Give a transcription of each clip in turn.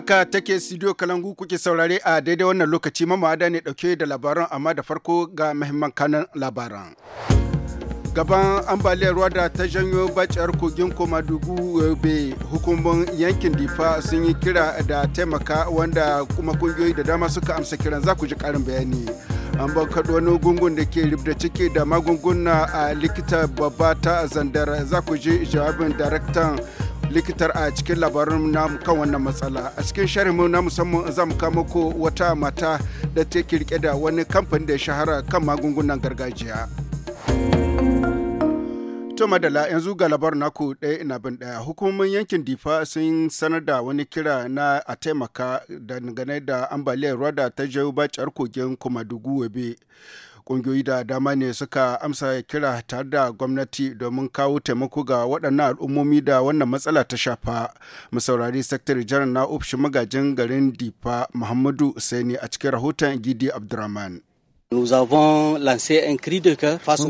Haka take studio Kalangu kuke saurare a daidai wannan lokaci mamada ne dauke da labaran amma da farko ga mahimman kanan labaran. Gaban ambaliyar ruwa da ta janyo bacar kogin dubu be hukumomin yankin Difa sun yi kira da taimaka wanda kuma kungiyoyi da dama suka amsa kiran za ku ji karin bayani. An bankaɗo wani gungun da ke ribda ciki da magunguna a likita babba ta zandar za ku ji jawabin daraktan likitar a cikin labarin na kan wannan matsala a cikin mu na musamman zan mu kama ko wata mata da ta kirke da wani kamfani da shahara kan magungunan gargajiya to madala yanzu ga labar naku ɗaya ina bin ɗaya hukumomin yankin difa sun sanar da wani kira na a taimaka dangane da ambaliyar ruwa ta jawo bacar kogin kuma dugu webe Ƙungiyoyi da dama ne suka amsa kira tare da gwamnati domin kawo taimako ga waɗannan al'ummomi da wannan matsala ta shafa. Mu saurari Sakatare Janar na ofishin magajin garin Difa Muhammadu Usaini a cikin rahoton Gidi Abdurrahman. Mun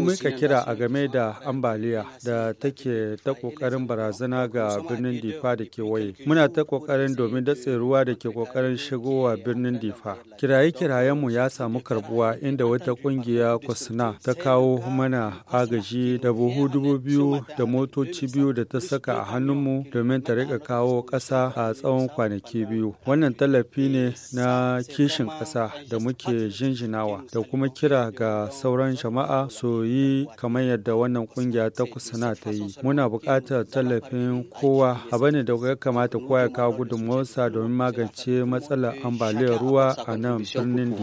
mika kira a game da ambaliya da take ta ƙoƙarin barazana ga birnin Difa da kewaye. Muna ta kokarin domin datse ruwa da ke kokarin shigowa birnin Difa. Kiraye-kirayenmu ya samu karbuwa inda wata ƙungiya Kwasina ta kawo mana agaji da buhu dubu biyu da motoci biyu da ta saka a hannunmu domin ta rika kawo ƙasa a tsawon kwanaki biyu. Wannan tallafi ne na kishin ƙasa da muke jinjinawa kuma kira ga sauran jama'a su yi kamar yadda wannan kungiya ta kusana ta yi muna buƙatar tallafin kowa a da ya kamata kowa ya kawo gudunmawarsa domin magance matsalar ambaliyar ruwa a nan birnin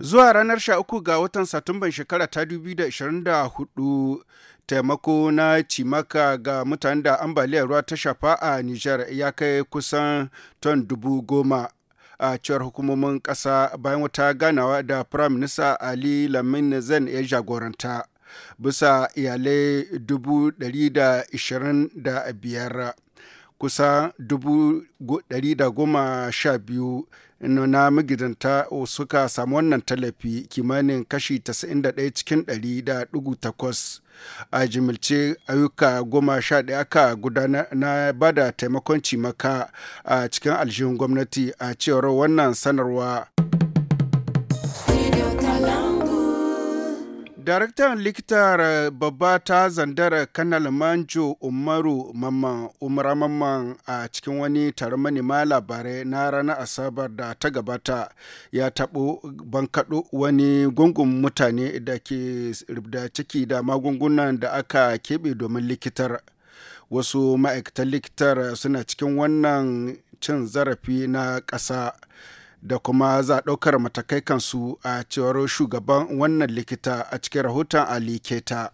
zuwa ranar sha uku ga watan satumban shekara ta 2024 taimako na cimaka ga mutanen da ambaliyar ruwa ta shafa a Nijar ya kai kusan ton dubu goma. a cewar hukumomin ƙasa bayan wata ganawa da Prime Minister Ali Lamin Zen ya jagoranta. Bisa iyalai 125. kusa dubu da goma sha biyu eh, na magidanta oh, suka samu wannan tallafi kimanin kashi 91 cikin 100.8 a jimilce ayyuka goma sha daya aka gudanar na bada taimakon cimaka a cikin aljihun gwamnati a cewar wannan sanarwa. Daraktan likitar eh, babba ta zandara eh, kanal Manjo Umaru Mamman umara Mamman a cikin wani taron manema labarai na ranar Asabar da ta gabata ya taɓo bankaɗo wani gungun mutane da ke da ciki da magungunan da aka keɓe domin likitar. Wasu ma'aikatan likitar eh, suna cikin wannan cin zarafi na ƙasa. da kuma za ɗaukar matakai kansu a cewar shugaban wannan likita a cikin rahoton Ali Keta.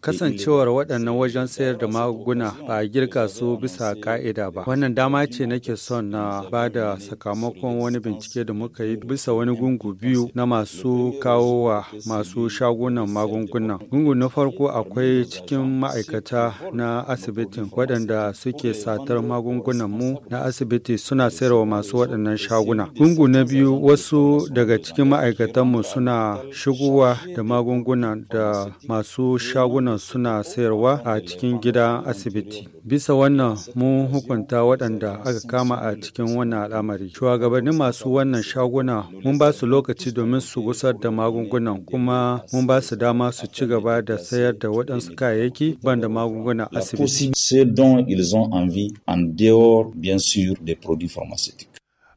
Kasancewar waɗannan wajen sayar da magunguna ba a girka su bisa ka'ida ba. Wannan dama ce nake son na ba da sakamakon wani bincike da muka yi bisa wani gungu biyu na masu kawo wa masu shagunan magungunan. Gungu na farko akwai cikin ma'aikata na asibitin waɗanda suke satar magungunan mu na asibiti suna sayarwa masu waɗannan shaguna. Gungu na biyu wasu daga cikin ma'aikatanmu suna shigowa da magunguna da masu shagunan suna sayarwa a cikin gida asibiti. Bisa wannan mun hukunta waɗanda aka kama a cikin wannan al'amari. Shugabannin masu wannan shaguna mun ba su lokaci domin su gusar da magungunan kuma mun ba su dama su ci gaba da sayar da waɗansu kayayyaki ban da magungunan asibiti. Ce dont ils ont envie en dehors, bien sûr,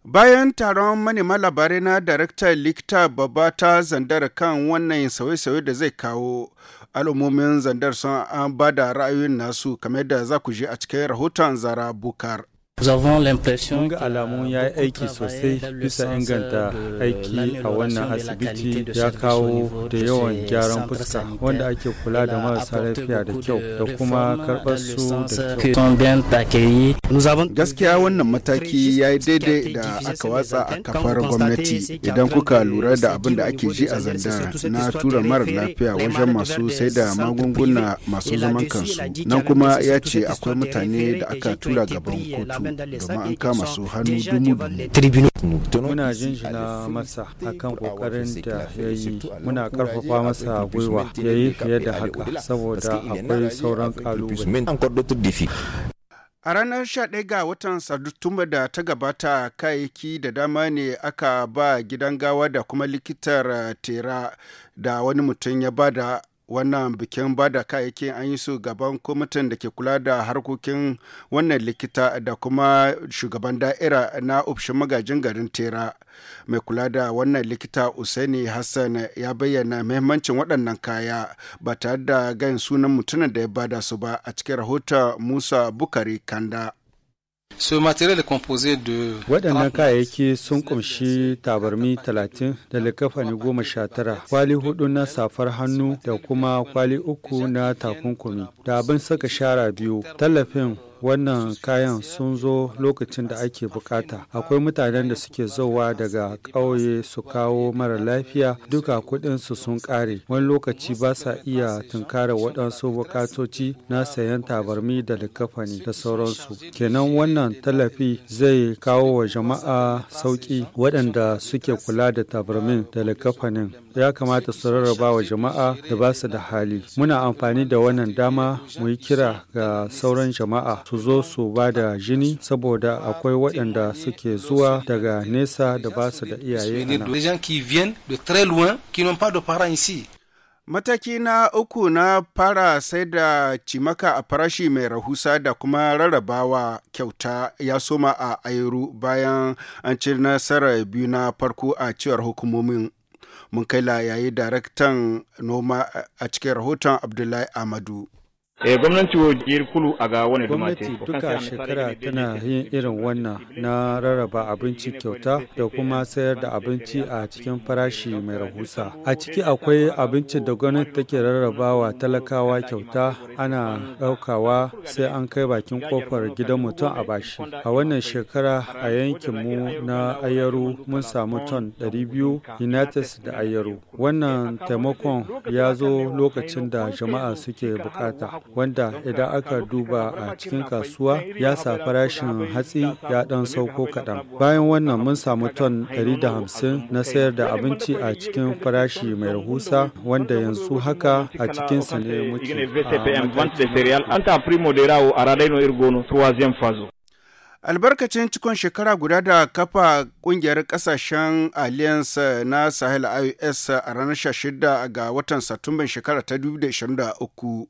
Bayan taron manema labarai na Darakta likita babba ta zandar kan wannan sauye-sauye da zai kawo al'ummomin zandar sun an ba da ra'ayoyin nasu kamar da za ku je a cikin rahoton zara bukar. Mun ga alamun ya yi aiki sosai bisa inganta euh, aiki a wannan asibiti ya kawo da yawan gyaran fuska wanda ake kula da marasa lafiya da kyau da kuma karɓar su da kyau. Gaskiya wannan mataki ya yi daidai da aka watsa a kafar gwamnati idan kuka lura da abin da ake ji a zanda na tura mara lafiya wajen masu sai da magunguna masu zaman kansu nan kuma ya ce akwai mutane da aka tura gaban kotu. gama an kama su hannu dubu muna jinjina masa akan kokarin da ya yi muna karfafa masa gwiwa ya yi fiye da haka saboda akwai sauran kalubale A ranar 11 ga watan Satumba da ta gabata kayayyaki da dama ne aka ba gidan gawa da kuma likitar eh, tera da wani mutum ya bada wannan bikin ba da kayayyakin an yi su gaban kwamitin da ke kula da harkokin wannan likita da kuma shugaban da'ira na ofishin magajin garin tera mai kula da wannan likita usaini hassan ya bayyana muhimmancin waɗannan kaya ba tare da gayin sunan mutumin da ya bada su ba a cikin rahoton musa bukari kanda Waɗannan kayayyaki sun kumshi tabarmi 30 da likafani 19, kwali hudu na safar hannu da kuma kwali uku na takunkumi, da abin saka shara biyu. Tallafin wannan kayan sun zo lokacin da ake bukata akwai mutanen da suke zowa daga ƙauye su kawo mara lafiya duka kuɗinsu sun ƙare wani lokaci ba sa iya tunkara waɗansu bukatoci na sayan tabarmi da likafani da sauransu kenan wannan tallafi zai kawo wa jama'a sauƙi waɗanda suke kula da tabarmin da likafanin ya kamata su rarraba wa jama'a da ba su da hali muna amfani da wannan dama mu yi kira ga sauran jama'a su zo su ba da jini saboda akwai waɗanda suke zuwa daga nesa da ba su da iyaye Mataki na uku na fara sai da cimaka a farashi mai rahusa da kuma rarrabawa kyauta ya soma a airu bayan an ci nasarar biyu na farko a cewar hukumomin. Mun kai yayi daraktan noma a cikin rahoton Abdullahi Amadu. E gwamnati wajiyar kulu a ga wani duka shekara tana yin irin wannan na rarraba abinci kyauta da kuma sayar da abinci a cikin farashi mai rahusa. A ciki akwai abincin da gwamnati take rarrabawa talakawa kyauta ana ɗaukawa sai an kai bakin kofar gidan mutum a bashi. A wannan shekara a yankin mu na Ayaru mun samu ton 200 united da Ayaru. Wannan taimakon ya zo lokacin da jama'a suke bukata. wanda idan aka duba a cikin kasuwa ya sa farashin hatsi ya dan sauko kaɗan. Bayan wannan mun samu ton 150 na sayar da abinci a cikin farashi mai rahusa wanda yanzu haka a cikin sa ne muke. a albarkacin cikon shekara guda da kafa kungiyar kasashen alliance na sahel ios a ranar 16 ga watan satumban shekara ta 2023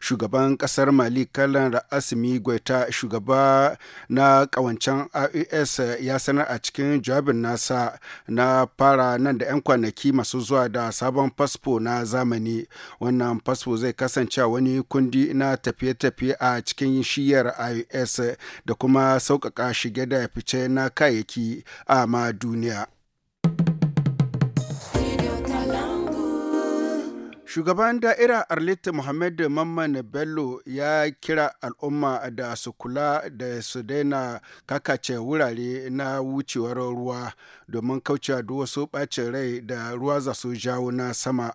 shugaban kasar mali kalan asimi gwaita shugaba na kawancen ios ya sanar a cikin jawabin nasa na fara nan da 'yan kwanaki masu zuwa da sabon fasfo na zamani wannan fasfo zai kasance wani kundi na tafiye-tafiye a cikin shiyar ios da kuma sauƙaƙa shige da fice na kayayyaki a ma duniya. Shugaban da'ira Arlit Muhammad Mamman Bello ya kira al'umma da su kula da su daina kakace wurare na wucewar ruwa domin kaucewa duk wasu ɓacin rai da ruwa za su jawo na sama.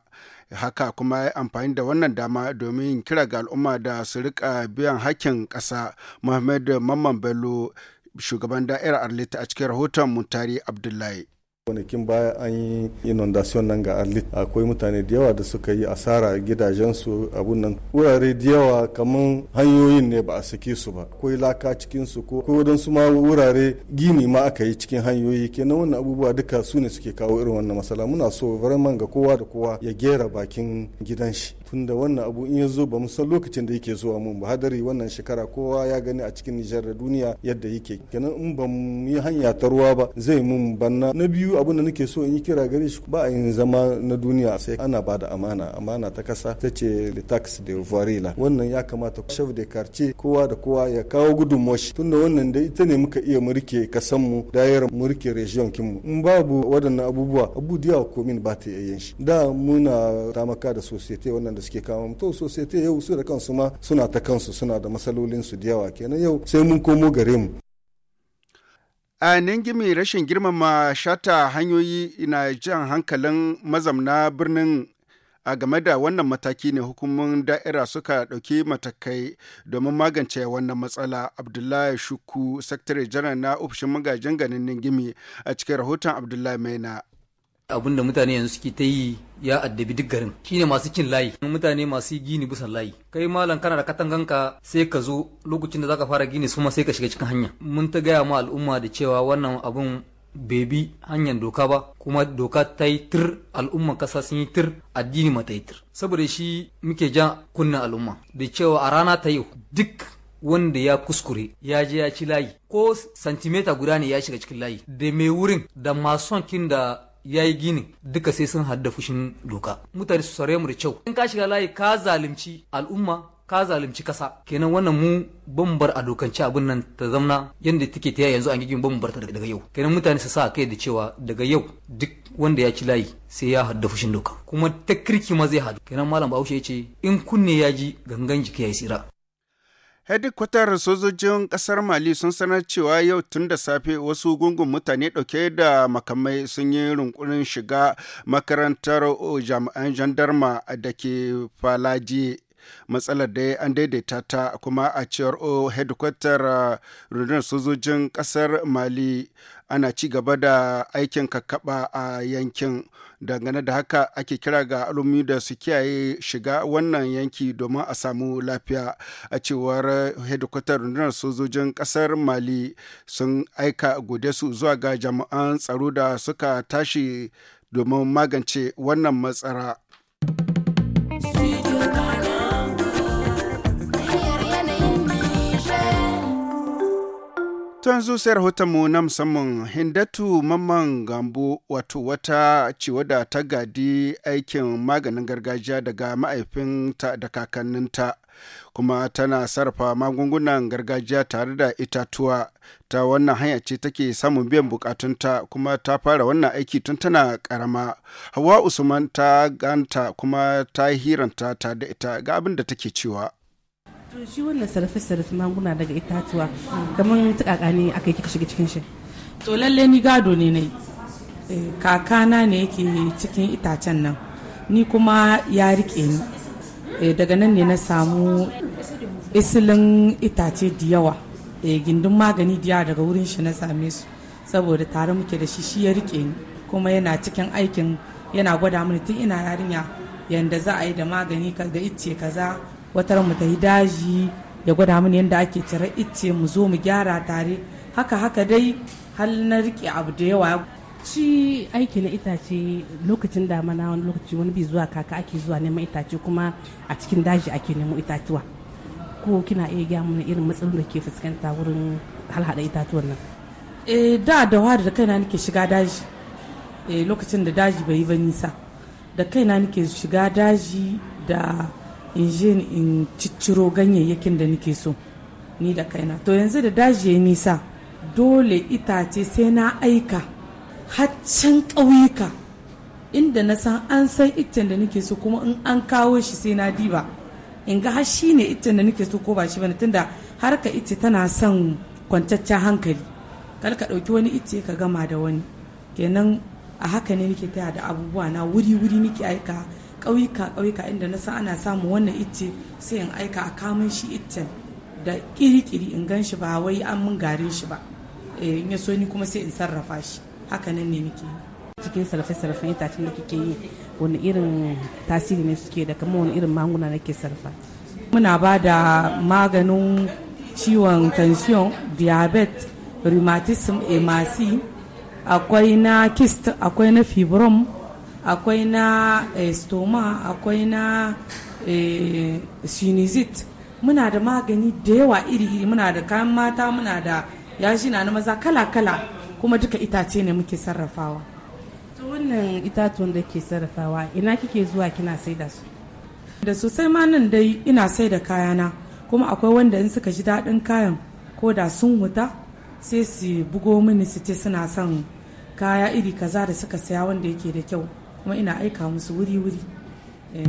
Haka kuma ya amfani da wannan dama domin kira ga al'umma da su rika biyan hakkin ƙasa Muhammad Mamman Bello shugaban da'irar Arlit a cikin rahoton mutari Abdullahi. kwanakin baya an yi inundation nan ga arlit akwai mutane da yawa da suka yi asara gidajensu abun nan wurare da yawa kamar hanyoyin ne ba a sake su ba akwai laka cikin su ko wadan su ma wurare gini ma aka yi cikin hanyoyi kenan wannan abubuwa duka su ne suke kawo irin wannan masala muna so vraiment ga kowa da kowa ya gera bakin gidan shi tunda wannan abu in ya zo ba mu san lokacin da yake zuwa mun ba hadari wannan shekara kowa ya gani a cikin Nijar da duniya yadda yake kenan in ba mu yi hanya ta ruwa ba zai mun banna na biyu abin da nake so in yi kira gare shi ba a yin zama na duniya sai ana ba da amana amana ta kasa ta ce le tax de varila wannan ya kamata chef de quartier kowa da kowa ya kawo gudunmuwar shi tunda wannan da ita ne muka iya murke kasan mu dayar murke region kin mu in babu waɗannan abubuwa abu diyawa komin ba ta iya shi da muna tamaka da society wannan da suke kawo so sai ta yau su da kansu ma suna ta kansu suna da matsalolin su da yawa kenan yau sai mun komo gare mu a ningimi rashin girmama shata hanyoyi na jan hankalin mazamna birnin a game da wannan mataki ne hukumar da'ira suka ɗauki matakai domin magance wannan matsala abdullahi shuku sakatare janar na ofishin magajin ganin ningimi a cikin rahoton abdullahi maina abin da mutane yanzu suke ta yi ya addabi duk garin shine masu cin layi mutane masu gini bisan layi kai malam kana da ka. sai ka zo lokacin da zaka fara gini suma sai ka shiga cikin hanya mun ta gaya ma al'umma da cewa wannan abun bai hanyar doka ba kuma doka ta yi tir al'umman kasa sun yi tir addini ma ta yi tir saboda shi muke ja kunna al'umma da cewa a rana ta yau duk wanda ya kuskure ya je ya ci layi ko santimeta guda ne ya shiga cikin layi da mai wurin da masu kin da ya yi gini duka sai sun hadda fushin doka mutane su sare mu da kyau in ka shiga layi ka zalunci al'umma ka zalunci kasa kenan wannan mu bambar a dokanci abin nan ta zamna yadda take ta yanzu an gigin bar ta daga yau kenan mutane su sa kai da cewa daga yau duk wanda ya ci layi sai ya hadda fushin doka kuma ta kirki ma zai hadu kenan malam bahaushe ya ce in kunne ya ji gangan jiki ya yi tsira hedikwatar sojojin kasar mali sun sanar cewa yau tun da safe wasu gungun mutane dauke da makamai sun yi rinkurin shiga makarantar oh, jami'an jandarma da ke falaji matsalar dai an daidaita ta kuma a cewar o oh, headquarter uh, rundunar sojojin kasar mali ana ci gaba da aikin kakaba a yankin dangane da haka ake kira ga alumi da su kiyaye shiga wannan yanki domin a samu lafiya a cewar headquarter rundunar sojojin kasar mali sun aika gode su zuwa ga jami'an tsaro da suka tashi domin magance wannan matsara To yanzu sai rahotonmu na musamman Hindatu Mamman Gambo wato wata ciwo da ta gadi aikin maganin gargajiya daga ma'aifinta da kakanninta kuma tana sarrafa magungunan gargajiya tare da itatuwa ta wannan hanya ce take samun biyan bukatunta kuma ta fara wannan aiki tun tana karama hawa usman ta ganta kuma ta hiranta ta da ita ga abin da take cewa to shi wannan sarfe sarfe maguna daga itatuwa kamar tukaka ne aka yi kika cikin shi to lalle ni gado ne ne eh, kakana ne yake cikin itacen nan ni kuma ya rike ni eh, daga nan ne na samu isilin itace da yawa eh, gindin magani diya daga wurin shi na same su saboda tare muke da shi shi ya rike ni kuma yana cikin aikin yana gwada mini tun ina yarinya yanda za a yi da magani da icce kaza wata mu ta yi daji ya gwada mini yadda ake cire icce mu zo mu gyara tare haka haka dai hal na rike abu da yawa Ci aiki na itace lokacin damana wani lokaci wani bi zuwa kaka ake zuwa neman itace kuma a cikin daji ake neman itatuwa ko kina iya gaya mana irin matsalolin da ke fuskanta wurin halhada itatuwan nan e da da wa da kaina nake shiga daji e lokacin da daji bai yi ba nisa da kaina nake shiga daji da in je in cicciro ganyayyakin da nake so ni da kaina to yanzu da daji nisa dole itace sai na aika haccen ƙauyuka inda na san an san iccen da nake so kuma in an kawo shi sai na diba in ga har shi ne iccen da nake so ko ba shi bane tunda har ka ice tana son kwantaccen hankali kar ka ɗauki wani ice ka gama da wani kenan a haka ne nake taya da abubuwa na wuri wuri nake aika ƙauyuka ƙauyuka inda na ana samun wannan itti sai in aika a kamun shi iccen da kirikiri in gan shi ba wai an mun garin shi ba eh, in ya so ni kuma sai in sarrafa shi haka nan ne muke cikin sarrafe-sarrafen itacen da kike yi wani irin tasiri ne suke da kama wani irin magunguna nake sarrafa muna ba da maganin ciwon tension diabetes rheumatism emasi akwai na kist akwai na fibrom akwai na eh, stoma akwai na eh, sinizit muna da magani da yawa iri-iri muna da kayan mata muna da yashina na maza kala-kala kuma duka itace ne muke sarrafawa ta wannan itatuwan da ke sarrafawa ina kike zuwa kina sai da su da sosai ma nan dai ina sai da kayana kuma akwai wanda in suka ji daɗin kayan ko da sun wuta sai su bugo mini su ce suna son kaya iri kaza da suka saya wanda yake da kyau kuma ina aika musu wuri-wuri eh.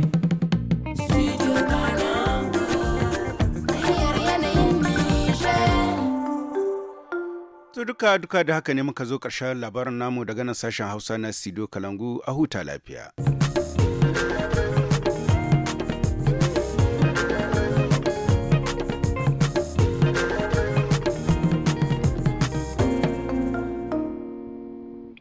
To duka duka da haka ne muka zo karshen labarin namu daga nan sashen Hausa na Sido Kalangu a huta lafiya.